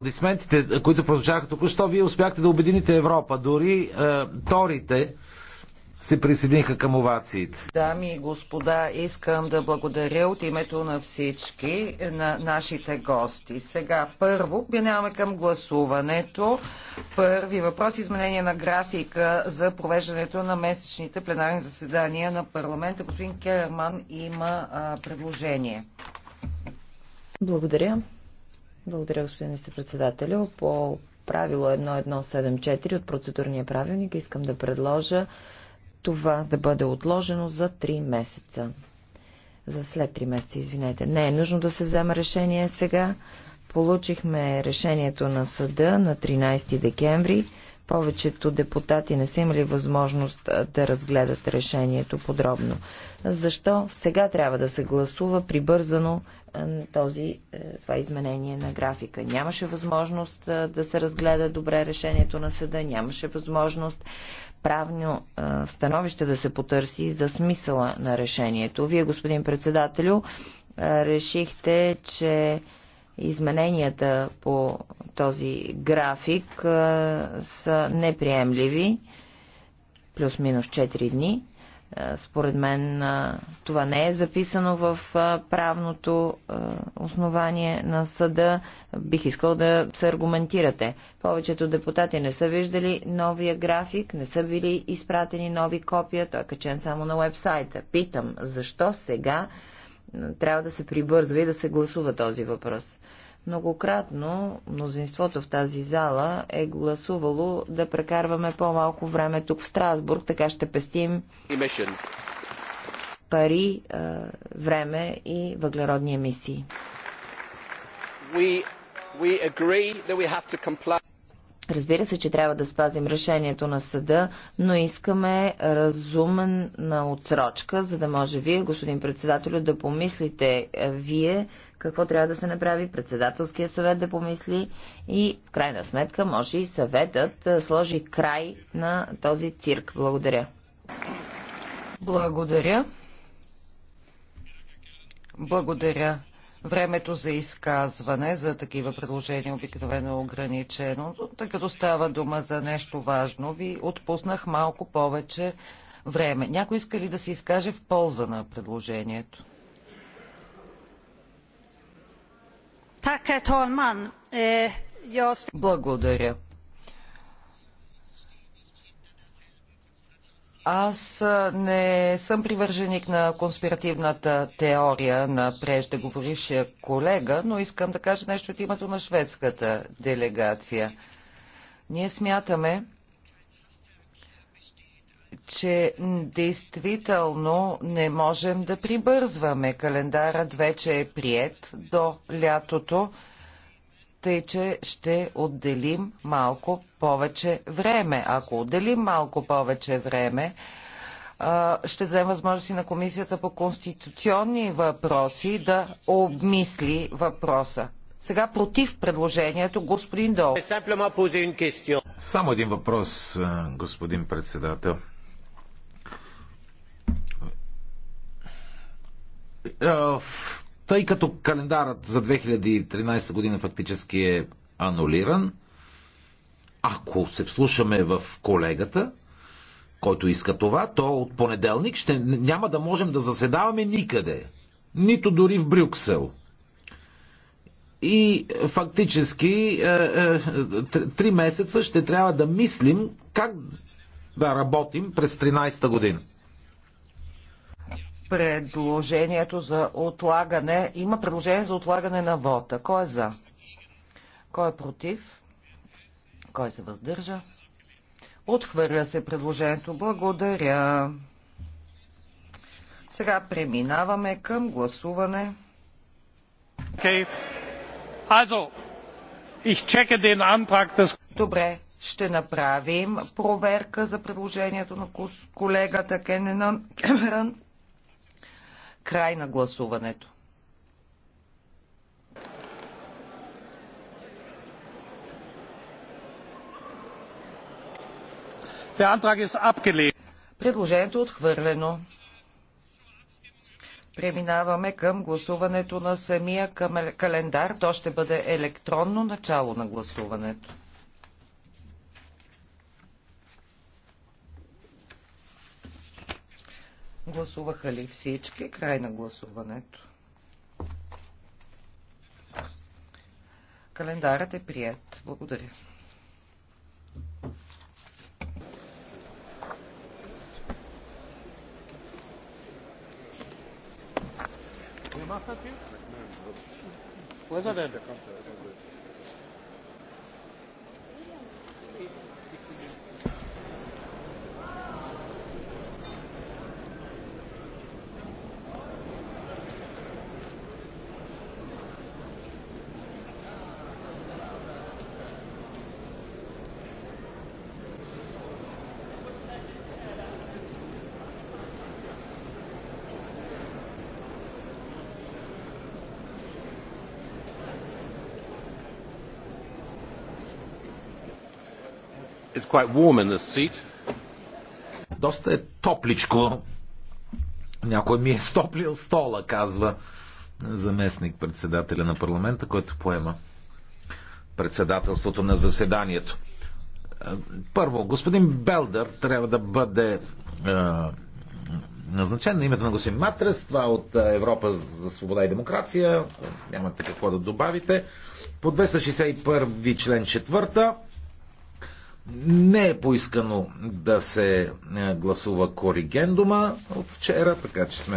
аплодисментите, които прозвучаха току-що, вие успяхте да обедините Европа. Дори е, торите се присъединиха към овациите. Дами и господа, искам да благодаря от името на всички на нашите гости. Сега първо минаваме към гласуването. Първи въпрос е изменение на графика за провеждането на месечните пленарни заседания на парламента. Господин Келерман има а, предложение. Благодаря. Благодаря, господин министр-председателю. По правило 1174 от процедурния правилник искам да предложа това да бъде отложено за 3 месеца. За след 3 месеца, извинете. Не е нужно да се взема решение сега. Получихме решението на съда на 13 декември. Повечето депутати не са имали възможност да разгледат решението подробно. Защо сега трябва да се гласува прибързано този, е, това изменение на графика? Нямаше възможност да се разгледа добре решението на съда, нямаше възможност правно становище да се потърси за смисъла на решението. Вие, господин председателю, решихте, че измененията по този график а, са неприемливи, плюс-минус 4 дни. А, според мен а, това не е записано в а, правното а, основание на съда. Бих искал да се аргументирате. Повечето депутати не са виждали новия график, не са били изпратени нови копия, той е качен само на вебсайта. Питам, защо сега трябва да се прибързва и да се гласува този въпрос? Многократно мнозинството в тази зала е гласувало да прекарваме по-малко време тук в Страсбург, така ще пестим пари, време и въглеродни емисии. We, we Разбира се, че трябва да спазим решението на съда, но искаме разумен на отсрочка, за да може вие, господин председател, да помислите вие какво трябва да се направи, председателския съвет да помисли и в крайна сметка може и съветът да сложи край на този цирк. Благодаря. Благодаря. Благодаря. Времето за изказване за такива предложения обикновено е ограничено, тъй като става дума за нещо важно, ви отпуснах малко повече време. Някой иска ли да се изкаже в полза на предложението? Eh, Благодаря. Аз не съм привърженик на конспиративната теория на преждеговорившия колега, но искам да кажа нещо от името на шведската делегация. Ние смятаме, че действително не можем да прибързваме. Календарът вече е прият до лятото, тъй че ще отделим малко повече време. Ако отделим малко повече време, ще дадем възможности на Комисията по конституционни въпроси да обмисли въпроса. Сега против предложението господин Дол. Само един въпрос, господин председател. Е, тъй като календарът за 2013 година фактически е анулиран, ако се вслушаме в колегата, който иска това, то от понеделник ще, няма да можем да заседаваме никъде. Нито дори в Брюксел. И е, фактически е, три месеца ще трябва да мислим как да работим през 13-та година предложението за отлагане. Има предложение за отлагане на вота. Кой е за? Кой е против? Кой се въздържа? Отхвърля се предложението. Благодаря. Сега преминаваме към гласуване. Добре, ще направим проверка за предложението на колегата Кенен Кемеран. Край на гласуването. Предложението е отхвърлено. Преминаваме към гласуването на самия календар. То ще бъде електронно начало на гласуването. Гласуваха ли всички? Край на гласуването. Календарът е прият. Благодаря. Wo er denn? It's quite warm in this seat. Доста е топличко. Някой ми е стоплил стола, казва заместник председателя на парламента, който поема председателството на заседанието. Е, първо, господин Белдър трябва да бъде е, назначен на името на господин Матрес, това е от е, Европа за свобода и демокрация. Нямате какво да добавите. По 261 член не е поискано да се е, гласува коригендума от вчера, така че сме